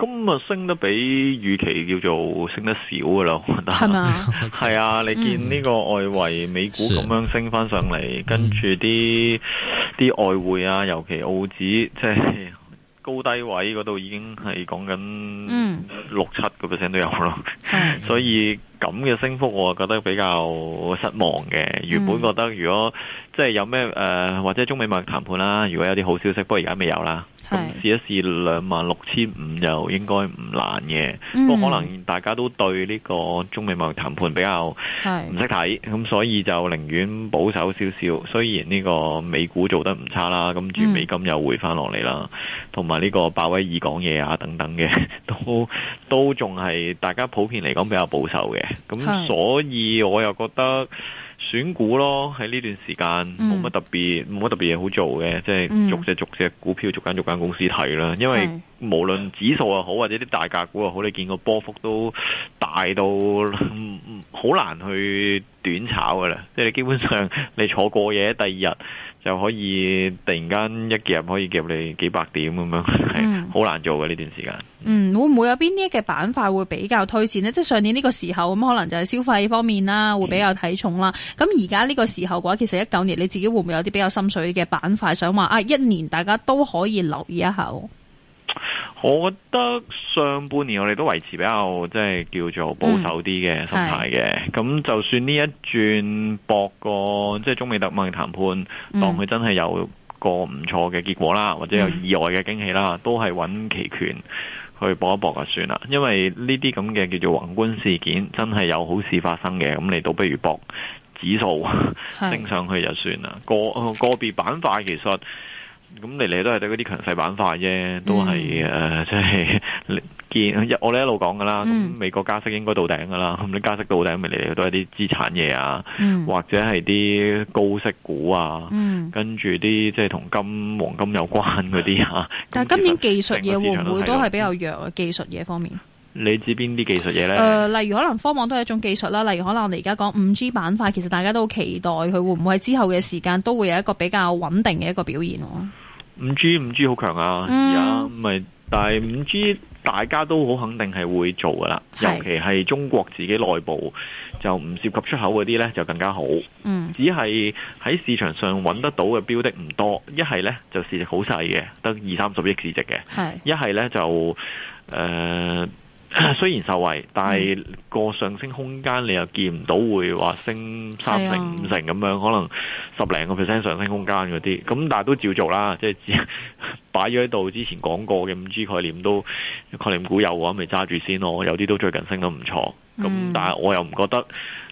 今日升得比預期叫做升得少噶喇。但係，係啊，啊，啊，你見呢個外圍、嗯、美股咁樣升翻上嚟，啊，跟住啲啲外匯啊，尤其澳紙，即係高低位嗰度已經係講緊六七個 percent 都有咯。嗯、 所以咁嘅升幅，我覺得比較失望嘅。原本覺得如果即係有咩、呃、或者中美貿易談判啦，如果有啲好消息，不過而家未有啦。咁試一試兩萬六千五又應該唔難嘅，不過、嗯、可能大家都對呢個中美貿易談判比較唔識睇，咁所以就寧願保守少少。雖然呢個美股做得唔差啦，咁住美金又回翻落嚟啦，同埋呢個鮑威爾講嘢啊等等嘅，都都仲係大家普遍嚟講比較保守嘅。咁所以我又覺得。選股咯，喺呢段時間冇乜特別，冇、嗯、乜特別嘢好做嘅，即係逐隻逐隻股票，逐間逐間公司睇啦。因為無論指數又好，或者啲大價股又好，你見個波幅都大到好、嗯、難去短炒噶啦，即係你基本上你坐過嘢，第二日。就可以突然間一夾可以夾你幾百點咁、嗯、樣，係好難做嘅呢段時間、嗯。嗯，會唔會有邊啲嘅板塊會比較推薦呢？即係上年呢個時候咁，可能就係消費方面啦，會比較睇重啦。咁而家呢個時候嘅話，其實一九年你自己會唔會有啲比較心水嘅板塊想話啊？一年大家都可以留意一下。我覺得上半年我哋都維持比較即係叫做保守啲嘅心態嘅，咁、嗯、就算呢一轉博個即係中美特貿談判，嗯、當佢真係有個唔錯嘅結果啦，或者有意外嘅驚喜啦、嗯，都係揾期權去博一博就算啦。因為呢啲咁嘅叫做宏觀事件，真係有好事發生嘅，咁你倒不如博指數升 上，上去就算啦。個個別板塊其實。咁嚟嚟都係對嗰啲強勢板塊啫，都係誒，即係見我哋一路講噶啦。咁美國加息應該到頂噶啦，咁、嗯、你加息到頂咪嚟嚟都係啲資產嘢啊、嗯，或者係啲高息股啊、嗯，跟住啲即係同金黃金有關嗰啲啊。但係今年技術嘢會唔會都係比較弱啊？技術嘢方面。你知邊啲技術嘢呢、呃？例如可能科網都係一種技術啦。例如可能我哋而家講五 G 板塊，其實大家都期待佢會唔會喺之後嘅時間都會有一個比較穩定嘅一個表現喎。五 G 五 G 好強啊！而家咪，但係五 G 大家都好肯定係會做噶啦。尤其係中國自己內部就唔涉及出口嗰啲呢，就更加好。嗯、只係喺市場上揾得到嘅標的唔多。一係呢，就市值好細嘅，得二三十億市值嘅。一係呢，就、呃雖然受惠，但係個上升空間你又見唔到，會話升三成五成咁樣，啊嗯、可能十零個 percent 上升空間嗰啲，咁但係都照做啦，即係擺咗喺度。之前講過嘅五 G 概念，都概念股有，咁咪揸住先咯。有啲都最近升得唔錯，咁但係我又唔覺得。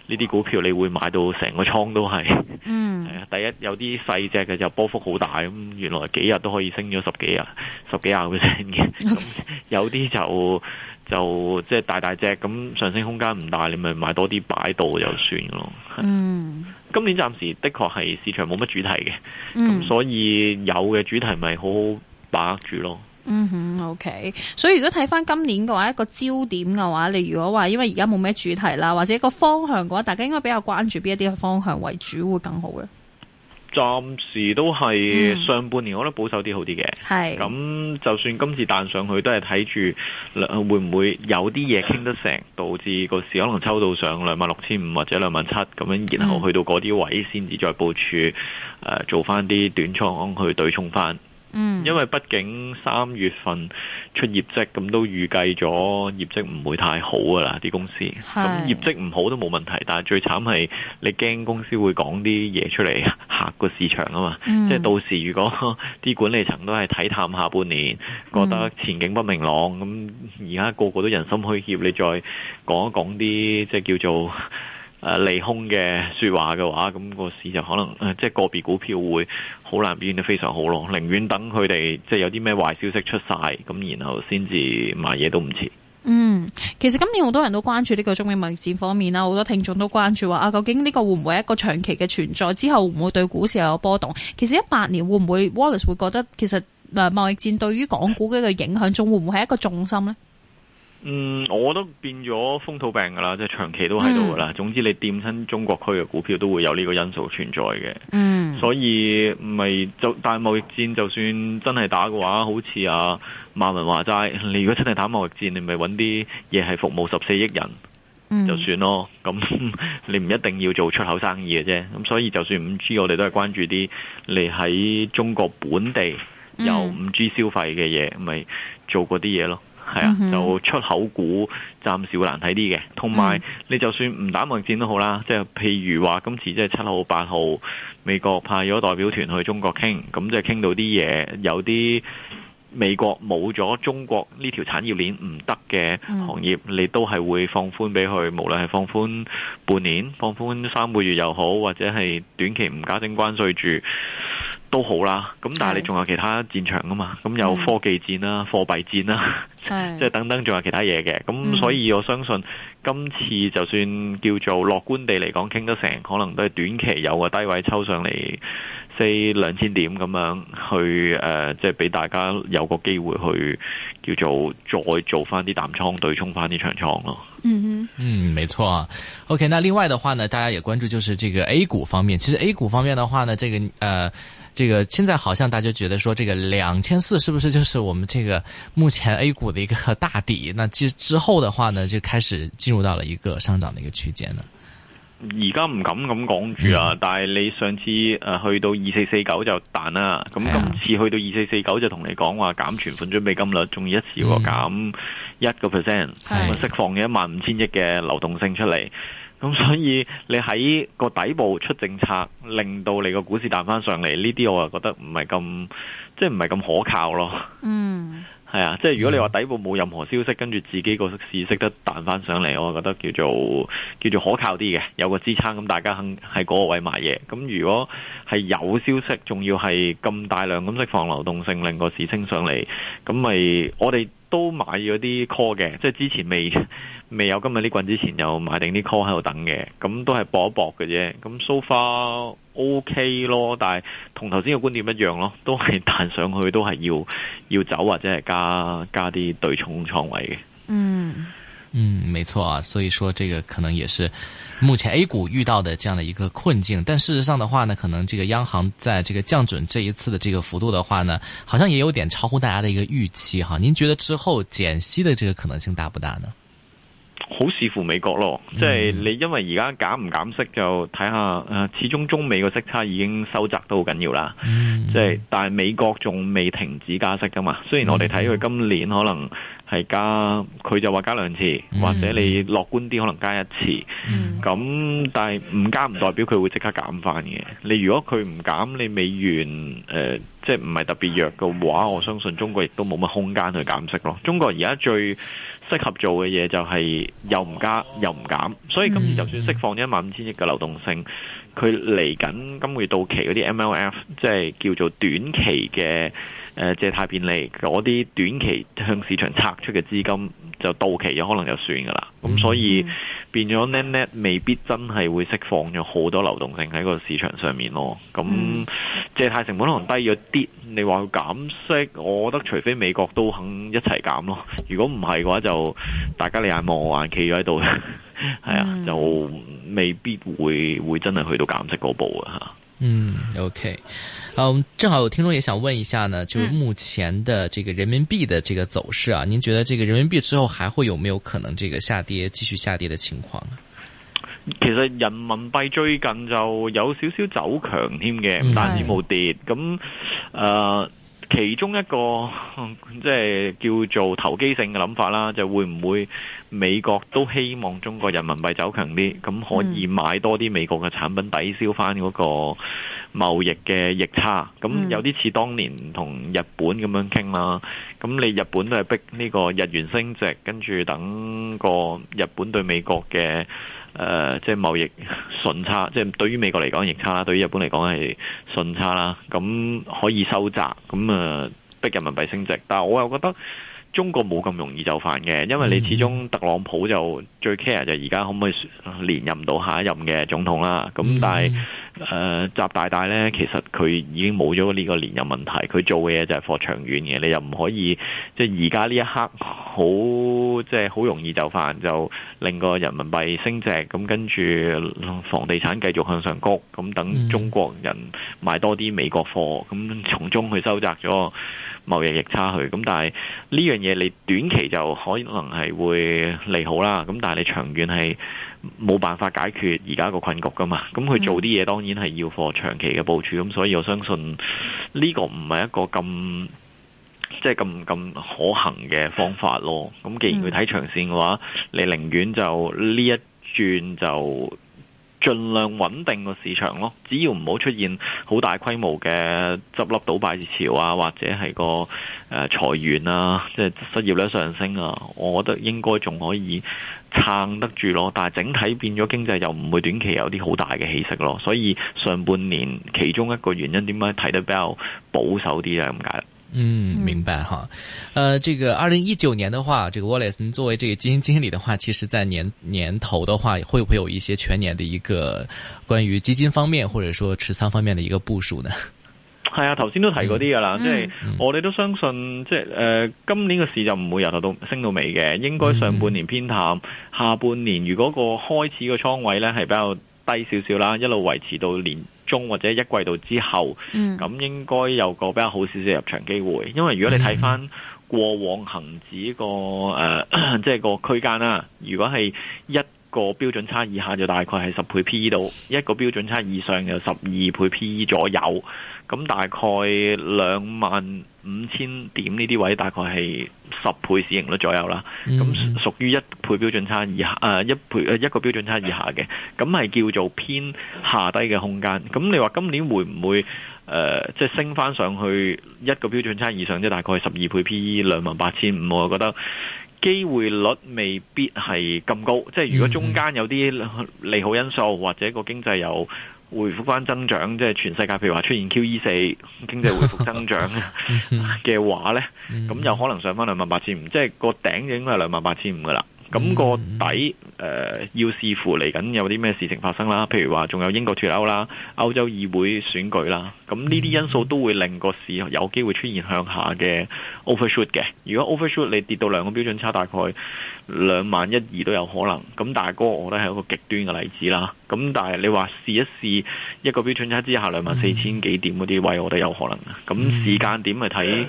呢啲股票你會買到成個倉都係、嗯，第一有啲細隻嘅就波幅好大，咁原來幾日都可以升咗十幾日，十幾廿個 percent 嘅。的有啲就就即係大大隻，咁上升空間唔大，你咪買多啲擺度就算咯。嗯，今年暫時的確係市場冇乜主題嘅，咁、嗯、所以有嘅主題咪好好把握住咯。嗯哼，OK。所以如果睇翻今年嘅話，一個焦點嘅話，你如果話因為而家冇咩主題啦，或者一個方向嘅話，大家應該比較關注邊一啲嘅方向為主會更好嘅？暫時都係、嗯、上半年，我覺得保守啲好啲嘅。係。咁就算今次彈上去，都係睇住會唔會有啲嘢傾得成，導致個市可能抽到上兩萬六千五或者兩萬七咁樣，然後去到嗰啲位先至再部署，誒、嗯呃、做翻啲短倉去對沖翻。嗯，因為畢竟三月份出業績，咁都預計咗業績唔會太好噶啦。啲公司咁業績唔好都冇問題，但係最慘係你驚公司會講啲嘢出嚟嚇個市場啊嘛。嗯、即係到時如果啲管理層都係睇淡下半年，覺得前景不明朗，咁而家個個都人心虛怯，你再講一講啲即係叫做。誒利空嘅説話嘅話，咁個市就可能即係個別股票會好難表現得非常好咯。寧願等佢哋即係有啲咩壞消息出晒咁，然後先至買嘢都唔遲。嗯，其實今年好多人都關注呢個中美貿易戰方面啦，好多聽眾都關注話啊，究竟呢個會唔會係一個長期嘅存在？之後會唔會對股市有波動？其實一八年會唔會 Wallace 會覺得其實誒貿易戰對於港股嘅影響仲會唔會係一個重心呢？嗯，我都變咗風土病噶啦，即係長期都喺度噶啦。總之你掂親中國區嘅股票，都會有呢個因素存在嘅。嗯，所以咪就大貿易戰，就算真係打嘅話，好似阿、啊、馬雲話齋，你如果真係打貿易戰，你咪搵啲嘢係服務十四億人，就算咯。咁、嗯、你唔一定要做出口生意嘅啫。咁所以就算五 G，我哋都係關注啲你喺中國本地有五 G 消費嘅嘢，咪、嗯、做嗰啲嘢咯。係啊，就出口股暫時會難睇啲嘅，同埋你就算唔打貿易戰都好啦，即係譬如話今次即係七號八號，美國派咗代表團去中國傾，咁即係傾到啲嘢，有啲美國冇咗中國呢條產業鏈唔得嘅行業，你都係會放寬俾佢，無論係放寬半年、放寬三個月又好，或者係短期唔加徵關稅住。都好啦，咁但係你仲有其他戰場噶嘛？咁有科技戰啦、啊、貨幣戰啦、啊，即係 等等，仲有其他嘢嘅。咁所以我相信今次就算叫做樂觀地嚟講，傾得成，可能都係短期有個低位抽上嚟四兩千點咁樣去誒、呃，即係俾大家有個機會去叫做再做翻啲淡倉對沖翻啲長倉咯。嗯嗯，嗯，沒錯啊。OK，那另外的話呢，大家也關注就是這個 A 股方面。其實 A 股方面的話呢，這個誒。呃這個現在好像大家覺得說，這個兩千四是不是就是我們這個目前 A 股的一個大底？那之之後的話呢，就開始進入到了一個上漲的一個區間呢？而家唔敢咁講住啊，嗯、但係你上次誒去到二四四九就彈啦，咁、嗯、今次去到二四四九就同你講話減存款準備金率，仲要一次過減一個 percent，釋放嘅一萬五千億嘅流動性出嚟。咁所以你喺個底部出政策，令到你個股市彈翻上嚟，呢啲我就覺得唔係咁，即係唔係咁可靠咯。嗯，係啊，即係如果你話底部冇任何消息，跟住自己個市識得彈翻上嚟，我就覺得叫做叫做可靠啲嘅，有個支撐咁大家肯喺嗰個位買嘢。咁如果係有消息，仲要係咁大量咁釋放流動性令，令個市升上嚟，咁咪我哋都買咗啲 call 嘅，即係之前未。未有今日呢棍之前就買定啲 call 喺度等嘅，咁都係搏一搏嘅啫。咁 so far O K 咯，但係同頭先嘅觀點一樣咯，都係彈上去都係要要走或者係加加啲對沖倉位嘅。嗯嗯，沒錯啊。所以說，這個可能也是目前 A 股遇到的這樣的一個困境。但事實上的話呢，可能這個央行在這個降準這一次的這個幅度的話呢，好像也有點超乎大家的一個預期哈。您覺得之後減息的這個可能性大不大呢？好視乎美國咯，即係你因為而家減唔減息就睇下、啊，始終中美個息差已經收窄都好緊要啦，嗯。即係但係美國仲未停止加息噶嘛，雖然我哋睇佢今年可能係加，佢就話加兩次，或者你樂觀啲可能加一次。咁、嗯、但係唔加唔代表佢會即刻減翻嘅。你如果佢唔減，你美元、呃、即係唔係特別弱嘅話，我相信中國亦都冇乜空間去減息咯。中國而家最適合做嘅嘢就係又唔加又唔減，所以今次就算釋放咗一萬五千億嘅流動性，佢嚟緊今個月到期嗰啲 MLF，即係叫做短期嘅。誒借貸便利嗰啲短期向市場拆出嘅資金就到期有可能就算㗎啦，咁、嗯、所以變咗 net net 未必真係會釋放咗好多流動性喺個市場上面咯。咁、嗯、借貸成本可能低咗啲，你話要減息，我覺得除非美國都肯一齊減咯。如果唔係嘅話就，就大家你眼望我眼企咗喺度，係 啊，就未必會會真係去到減息嗰步啊。嚇。嗯，OK，好，我們、um, 正好有聽眾也想問一下呢，就目前的這個人民幣的這個走勢啊，您覺得這個人民幣之後還會有沒有可能這個下跌，繼續下跌的情況呢？其實人民幣最近就有少少走強添嘅，但係冇跌，咁誒。呃其中一個即係叫做投機性嘅諗法啦，就會唔會美國都希望中國人民幣走強啲，咁可以買多啲美國嘅產品抵消翻嗰個貿易嘅逆差，咁有啲似當年同日本咁樣傾啦。咁你日本都係逼呢個日元升值，跟住等個日本對美國嘅。誒、呃，即係貿易順差，即係對於美國嚟講逆差啦，對於日本嚟講係順差啦。咁可以收窄，咁啊、呃、逼人民幣升值。但我又覺得中國冇咁容易就犯嘅，因為你始終特朗普就最 care 就而家可唔可以連任到下一任嘅總統啦。咁但係。誒、呃，習大大咧，其實佢已經冇咗呢個連任問題。佢做嘅嘢就係放長遠嘅，你又唔可以即係而家呢一刻好即係好容易就範，就令個人民幣升值，咁跟住房地產繼續向上谷，咁等中國人買多啲美國貨，咁從中去收窄咗貿易逆差去。咁但係呢樣嘢你短期就可能係會利好啦，咁但係你長遠係。冇辦法解決而家個困局噶嘛？咁佢做啲嘢，當然係要貨長期嘅部署。咁、嗯、所以我相信呢個唔係一個咁即係咁咁可行嘅方法咯。咁既然佢睇長線嘅話，你寧願就呢一轉就盡量穩定個市場咯。只要唔好出現好大規模嘅執笠倒閉潮啊，或者係個誒裁員啊，即、就、係、是、失業率上升啊，我覺得應該仲可以。撐得住咯，但係整體變咗經濟又唔會短期有啲好大嘅起色咯，所以上半年其中一個原因點解睇得比較保守啲咧咁解。嗯，明白哈。呃，這個二零一九年的話，這個 Wallace，你作為這個基金經理的話，其實在年年頭的話，會不會有一些全年的一個關於基金方面或者說持倉方面的一個部署呢？係啊，頭先都提過啲㗎喇，即、嗯、係、就是、我哋都相信，即、就、係、是呃、今年嘅市就唔會由頭到升到尾嘅，應該上半年偏淡，嗯、下半年如果個開始個倉位呢係比較低少少啦，一路維持到年中或者一季度之後，咁、嗯、應該有個比較好少少入場機會，因為如果你睇返過往恒指、這個誒、即、呃、係、就是、個區間啦，如果係一。一個標準差以下就大概係十倍 PE 到，一個標準差以上就十二倍 PE 左右，咁大概兩萬五千點呢啲位大概係十倍市盈率左右啦，咁屬於一倍標準差以下，誒、mm. 呃、一倍、呃、一個標準差以下嘅，咁係叫做偏下低嘅空間。咁你話今年會唔會誒、呃，即係升翻上去一個標準差以上，即大概十二倍 PE，兩萬八千五，我又覺得。機會率未必係咁高，即係如果中間有啲利好因素，或者個經濟又回復翻增長，即係全世界譬如話出現 QE 四，經濟回復增長嘅話呢，咁 有可能上翻兩萬八千五， 即係個頂應該係兩萬八千五噶啦。咁、那個底誒、呃，要視乎嚟緊有啲咩事情發生啦。譬如話仲有英國脫歐啦、歐洲議會選舉啦，咁呢啲因素都會令個市有機會出現向下嘅 overshoot 嘅。如果 overshoot 你跌到兩個標準差，大概兩萬一二都有可能。咁大哥，我覺得係一個極端嘅例子啦。咁但係你話試一試一個標準差之下兩萬四千幾點嗰啲位，我都有可能嘅。咁時間點去睇。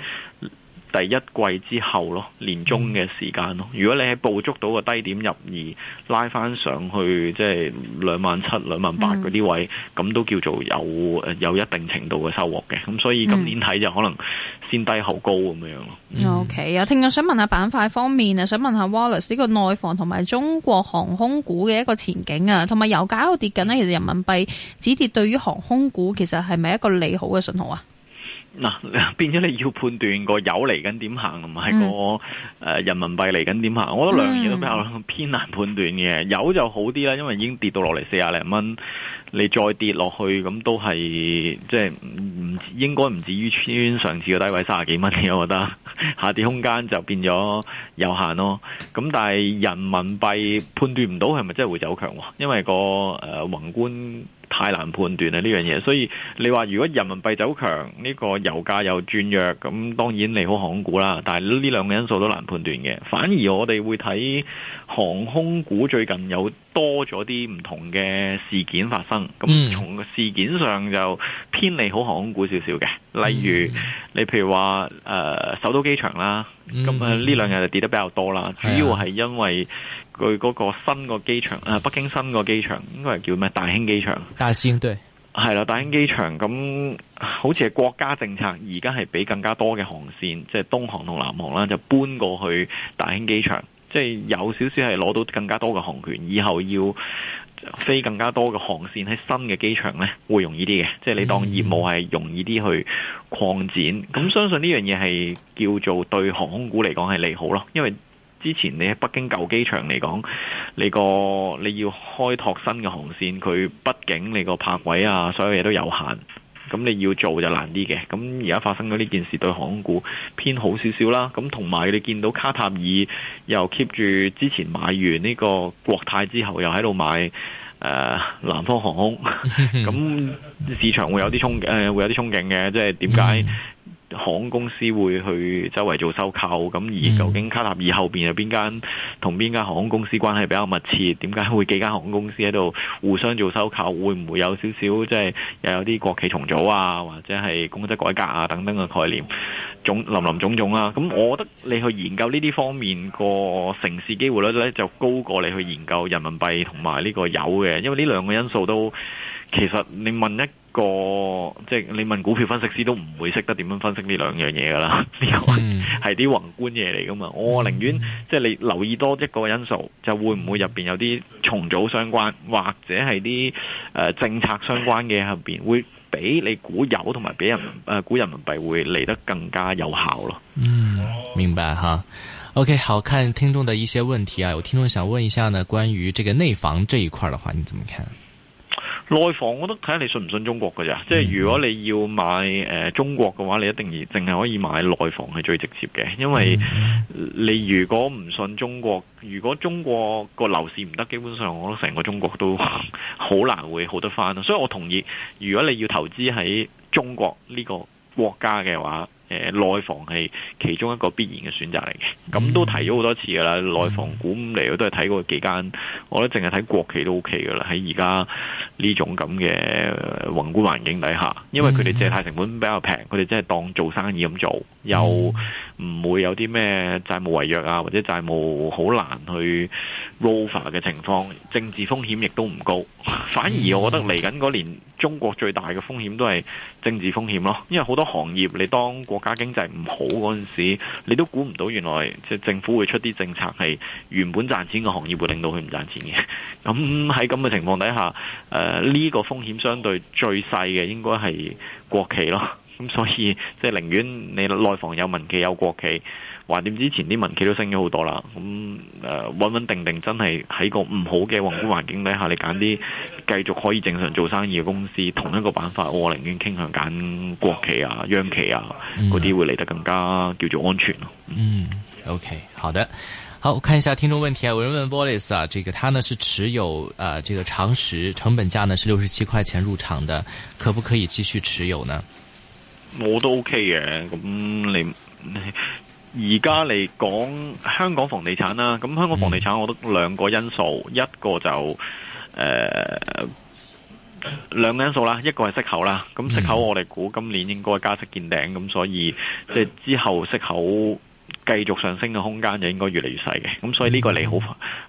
第一季之後咯，年中嘅時間咯。如果你喺捕捉到個低點入而拉翻上去，即係兩萬七、兩萬八嗰啲位，咁、嗯、都叫做有有一定程度嘅收穫嘅。咁所以今年睇、嗯、就可能先低後高咁樣咯。OK，有聽日想問一下板塊方面啊，想問一下 Wallace 呢個內房同埋中國航空股嘅一個前景啊，同埋油價一路跌緊呢，其實人民幣止跌對於航空股其實係咪一個利好嘅信號啊？嗱，變咗你要判斷個油嚟緊點行同埋個誒人民幣嚟緊點行、嗯，我覺得兩樣都比較偏難判斷嘅。油、嗯、就好啲啦，因為已經跌到落嚟四廿零蚊，你再跌落去咁都係即係唔應該唔至於穿上次個低位三十幾蚊嘅，我覺得下跌空間就變咗有限咯。咁但係人民幣判斷唔到係咪真係會走強喎，因為個誒宏觀。太難判斷啦呢樣嘢，所以你話如果人民幣走強，呢個油價又轉弱，咁當然利好航空股啦。但係呢兩個因素都難判斷嘅，反而我哋會睇航空股最近有多咗啲唔同嘅事件發生，咁從事件上就偏利好航空股少少嘅。例如你譬如話誒、呃、首都機場啦，咁啊呢兩日就跌得比較多啦，主要係因為。佢嗰個新個機場，誒，北京新個機場應該係叫咩？大興機場。大興，對，係啦，大興機場。咁，好似係國家政策，而家係俾更加多嘅航線，即係東航同南航啦，就搬過去大興機場，即係有少少係攞到更加多嘅航權，以後要飛更加多嘅航線喺新嘅機場呢，會容易啲嘅，即係你當業務係容易啲去擴展，咁，嗯，相信呢樣嘢係叫做對航空股嚟講係利好咯，因為。之前你喺北京舊機場嚟講，你個你要開拓新嘅航線，佢畢竟你個泊位啊，所有嘢都有限，咁你要做就難啲嘅。咁而家發生咗呢件事，對航空股偏好少少啦。咁同埋你見到卡塔爾又 keep 住之前買完呢個國泰之後又在，又喺度買誒南方航空，咁 市場會有啲憧誒，會有啲憧憬嘅。即係點解？嗯航空公司會去周圍做收購，咁而究竟卡塔爾後邊有邊間同邊間航空公司關係比較密切？點解會幾間航空公司喺度互相做收購？會唔會有少少即係又有啲國企重組啊，或者係公職改革啊等等嘅概念，總林林種種啊？咁我覺得你去研究呢啲方面個成事機會率咧，就高過你去研究人民幣同埋呢個油嘅，因為呢兩個因素都其實你問一。這個即係、就是，你問股票分析師都唔會識得點樣分析呢兩樣嘢噶啦，呢個係啲宏觀嘢嚟噶嘛。我、哦、寧願即係、就是，你留意多一個因素，就會唔會入邊有啲重組相關，或者係啲誒政策相關嘅入邊，會俾你股友同埋俾人誒、呃、股人民幣會嚟得更加有效咯。嗯，明白哈。OK，好，看聽眾的一些問題啊，有聽眾想問一下呢，關於這個內房這一塊的話，你怎麼看？內房我都睇下你信唔信中國㗎咋。即係如果你要買、呃、中國嘅話，你一定而淨係可以買內房係最直接嘅，因為你如果唔信中國，如果中國個樓市唔得，基本上我覺得成個中國都好難會好得翻。所以我同意，如果你要投資喺中國呢個國家嘅話，誒、呃、內房係其中一個必然嘅選擇嚟嘅，咁都提咗好多次㗎啦。內房股嚟，都係睇過幾間、嗯，我覺得淨係睇國企都 OK 㗎啦。喺而家呢種咁嘅、呃、宏觀環境底下，因為佢哋借貸成本比較平，佢哋真係當做生意咁做，又唔會有啲咩債務違約啊，或者債務好難去 rollover 嘅情況，政治風險亦都唔高。反而我覺得嚟緊嗰年。中國最大嘅風險都係政治風險咯，因為好多行業你當國家經濟唔好嗰陣時，你都估唔到原來即政府會出啲政策係原本賺錢嘅行業會令到佢唔賺錢嘅。咁喺咁嘅情況底下，呢、呃呢個風險相對最細嘅應該係國企咯。咁、嗯、所以即係寧願你內房有民企有國企，話點之前啲民企都升咗好多啦。咁誒穩穩定定真係喺個唔好嘅宏觀環境底下，你揀啲繼續可以正常做生意嘅公司，同一個板塊，我寧願傾向揀國企啊、央企啊嗰啲會嚟得更加叫做安全嗯，嗯，OK，好的，好，我看一下聽眾問題啊，有人問 Boris 啊，這個他呢是持有誒、呃，這個長實成本價呢是六十七塊錢入場的，可不可以繼續持有呢？我都 OK 嘅，咁你而家嚟講香港房地產啦，咁香港房地產，我覺得兩個因素，一個就誒兩個因素啦，一個係息口啦，咁息口我哋估今年應該加息見頂，咁所以即係之後息口繼續上升嘅空間就應該越嚟越細嘅，咁所以呢個利好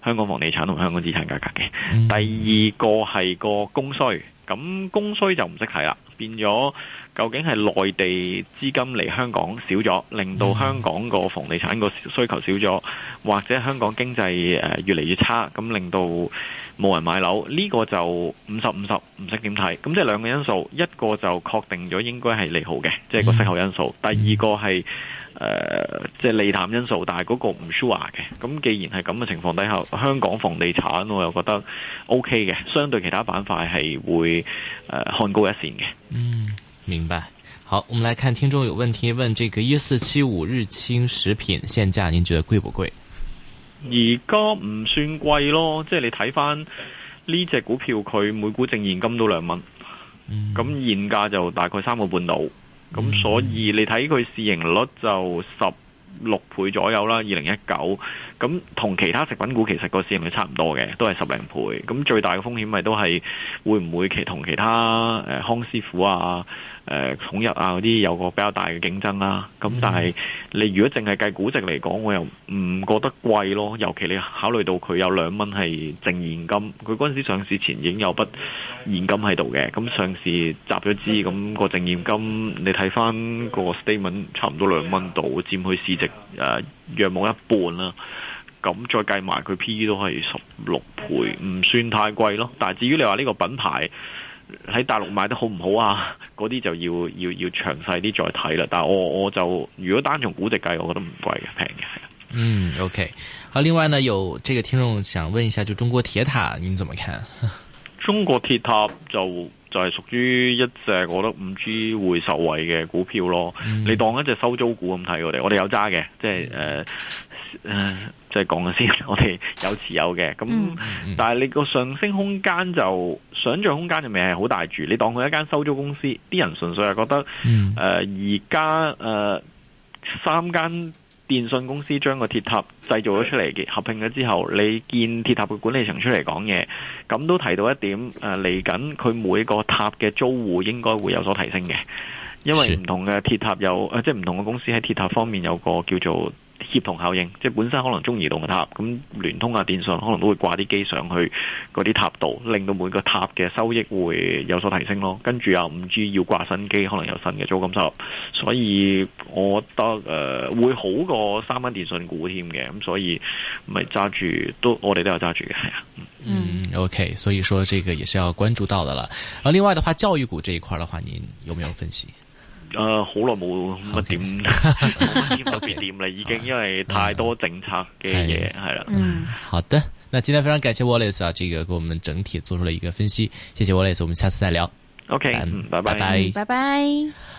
香港房地產同香港資產價格嘅。第二個係個供需。咁供需就唔識睇啦，變咗究竟係內地資金嚟香港少咗，令到香港個房地產個需求少咗，或者香港經濟越嚟越差，咁令到冇人買樓，呢個就五十五十唔識點睇。咁即係兩個因素，一個就確定咗應該係利好嘅，即係個息口因素；第二個係。誒，即係利淡因素，但係嗰個唔 sure 嘅。咁既然係咁嘅情況底下，香港房地產我又覺得 O K 嘅，相對其他板塊係會誒看高一綫嘅。嗯，明白。好，我們來看聽眾有問題問，這個一四七五日清食品現價，您覺得貴不貴？而家唔算貴咯，即係你睇翻呢隻股票，佢每股淨現金都兩蚊，咁、嗯、現價就大概三個半到。咁、嗯、所以你睇佢市盈率就十六倍左右啦，二零一九，咁同其他食品股其實個市盈率差唔多嘅，都係十零倍。咁最大嘅風險咪都係會唔會其同其他誒康師傅啊、誒、啊、統一啊嗰啲有個比較大嘅競爭啦、啊，咁但係你如果淨係計估值嚟講，我又唔覺得貴咯，尤其你考慮到佢有兩蚊係淨現金，佢嗰陣時上市前已經有筆現金喺度嘅，咁上市集咗資，咁、那個淨現金你睇翻個 statement 差唔多兩蚊度，佔佢市值誒約冇一半啦、啊，咁再計埋佢 P/E 都係十六倍，唔算太貴咯。但係至於你話呢個品牌，喺大陸賣得好唔好啊？嗰啲就要要要詳細啲再睇啦。但係我我就如果單從估值計，我覺得唔貴嘅，平嘅係。嗯，OK。啊，另外呢，有這個聽眾想問一下，就中國鐵塔，你怎麼看？中國鐵塔就就係屬於一隻，我覺得五 G 會受惠嘅股票咯。你當一隻收租股咁睇我哋，我哋有揸嘅，即係誒。呃誒、呃，即係講下先，我哋有持有嘅，咁、嗯、但係你個上升空間就想象空間就未係好大住。你當佢一間收租公司，啲人純粹係覺得誒、而家誒三間電信公司將個鐵塔製造咗出嚟，合併咗之後，你見鐵塔嘅管理層出嚟講嘢，咁都提到一點誒，嚟緊佢每個塔嘅租戶應該會有所提升嘅，因為唔同嘅鐵塔有、呃、即係唔同嘅公司喺鐵塔方面有個叫做。協同效應，即係本身可能中移動嘅塔，咁聯通啊、電信可能都會掛啲機上去嗰啲塔度，令到每個塔嘅收益會有所提升咯。跟住啊，五 G 要掛新機，可能有新嘅租金收入，所以我覺得誒會好過三間電信股添嘅。咁所以咪揸住，都我哋都有揸住嘅係啊。嗯，OK，所以說這個也是要關注到的啦。另外的話，教育股這一塊的話，您有沒有分析？誒、呃，好耐冇乜點，冇、okay. 乜 特別點啦， 已經，因為太多政策嘅嘢係啦。嗯，好的，那今天非常感謝 Wallace 啊，這個給我們整體做出了一個分析，謝謝 Wallace，我們下次再聊。OK，嗯，拜拜，拜拜。嗯，拜拜。